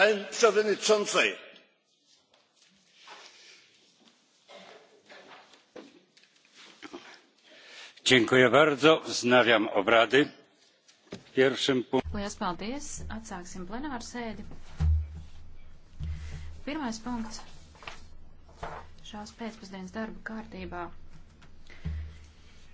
pani przewodniczącej! dziękuję bardzo wznawiam obrady. pierwszym punktem liels paldies atsāksim plenāru sēdi. pirmais punkts šās pēcpusdienas darba kārtībā